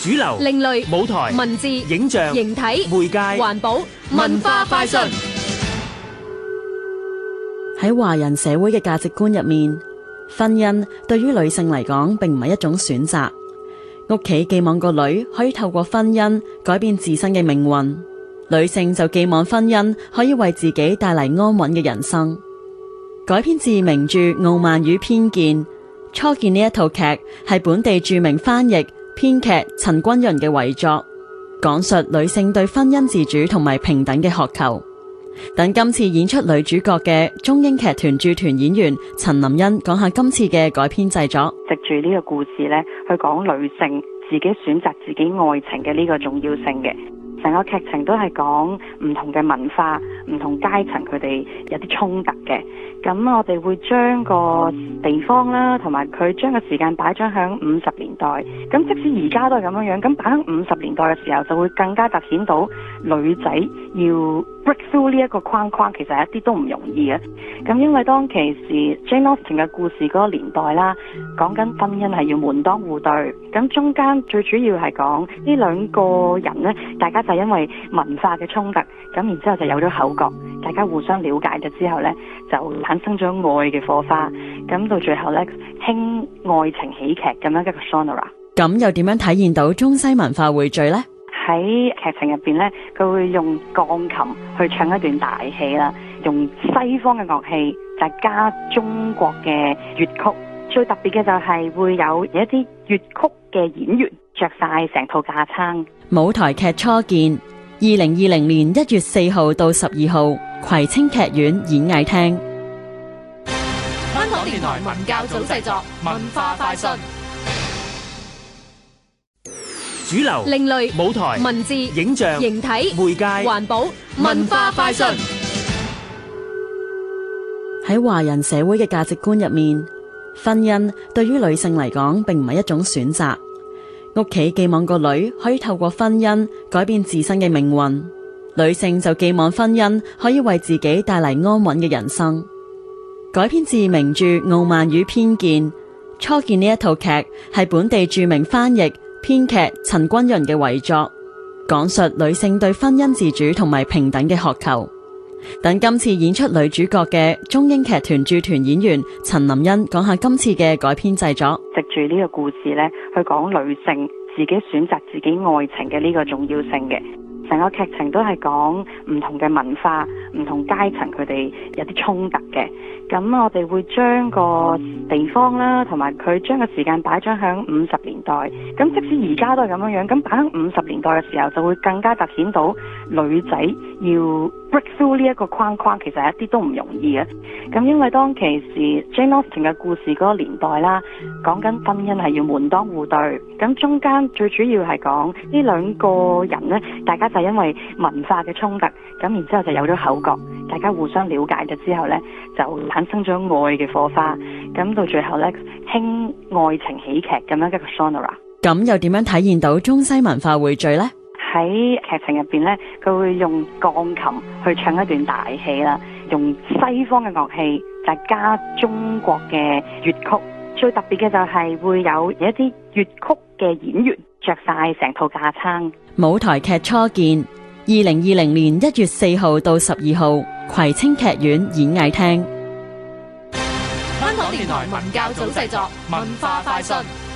主流、另類舞台、文字、影像、形體、媒介、環保、文化快訊。喺華人社會嘅價值觀入面，婚姻對於女性嚟講，並唔係一種選擇。屋企寄望個女可以透過婚姻改變自身嘅命運，女性就寄望婚姻可以為自己帶嚟安穩嘅人生。改編自名著《傲慢與偏見》，初見呢一套劇係本地著名翻譯。編劇陳鈞潤嘅遺作，講述女性對婚姻自主同埋平等嘅渴求。等今次演出女主角嘅中英劇團駐團演員陳林欣講下今次嘅改編製作，藉住呢個故事呢去講女性自己選擇自己愛情嘅呢個重要性嘅。成個劇情都係講唔同嘅文化、唔同階層，佢哋有啲衝突嘅。咁我哋會將個地方啦，同埋佢將個時間擺咗響五十年代。咁即使而家都係咁樣樣，咁擺響五十年代嘅時候，就會更加突顯到女仔要 break through 呢一個框框，其實一啲都唔容易嘅。咁因為當其時 Jane Austen 嘅故事嗰個年代啦，講緊婚姻係要門當戶對。咁中間最主要係講呢兩個人呢，大家就因為文化嘅衝突，咁然之後就有咗口角。大家互相了解咗之後呢，就產生咗愛嘅火花。咁到最後呢，輕愛情喜劇咁樣一個 genre。咁又點樣體現到中西文化匯聚呢？喺劇情入邊咧，佢會用鋼琴去唱一段大戲啦，用西方嘅樂器就係加中國嘅粵曲。最特別嘅就係會有一啲粵曲嘅演員著曬成套架撐。舞台劇初見，二零二零年一月四號到十二號，葵青劇院演藝廳。香港電台文教組製作，文化快訊。主流、另類舞台、文字、影像、形體、媒介、環保、文化、快訊。喺華人社會嘅價值觀入面，婚姻對於女性嚟講，並唔係一種選擇。屋企寄望個女可以透過婚姻改變自身嘅命運，女性就寄望婚姻可以為自己帶嚟安穩嘅人生。改編自名著《傲慢與偏見》，初見呢一套劇係本地著名翻譯編劇陳君潤嘅遺作，講述女性對婚姻自主同埋平等嘅渴求。等今次演出女主角嘅中英劇團駐團演員陳林恩講下今次嘅改編製作，藉住呢個故事呢去講女性自己選擇自己愛情嘅呢個重要性嘅。成個劇情都係講唔同嘅文化、唔同階層，佢哋有啲衝突嘅。咁我哋會將個地方啦，同埋佢將個時間擺咗喺五十年代。咁即使而家都係咁樣樣，咁擺喺五十年代嘅時候，就會更加突顯到女仔要 break through 呢一個框框其實係一啲都唔容易嘅，咁因為當其時 Jane Austen 嘅故事嗰個年代啦，講緊婚姻係要門當戶對，咁中間最主要係講呢兩個人呢，大家就因為文化嘅衝突，咁然之後就有咗口角，大家互相了解咗之後呢，就產生咗愛嘅火花，咁到最後呢，輕愛情喜劇咁樣一個 genre，咁又點樣體現到中西文化匯聚呢？喺劇情入邊咧，佢會用鋼琴去唱一段大戲啦，用西方嘅樂器就加中國嘅粵曲。最特別嘅就係會有一啲粵曲嘅演員着晒成套架撐。舞台劇初見，二零二零年一月四號到十二號，葵青劇院演藝廳。香港電台文教組製作，文化快訊。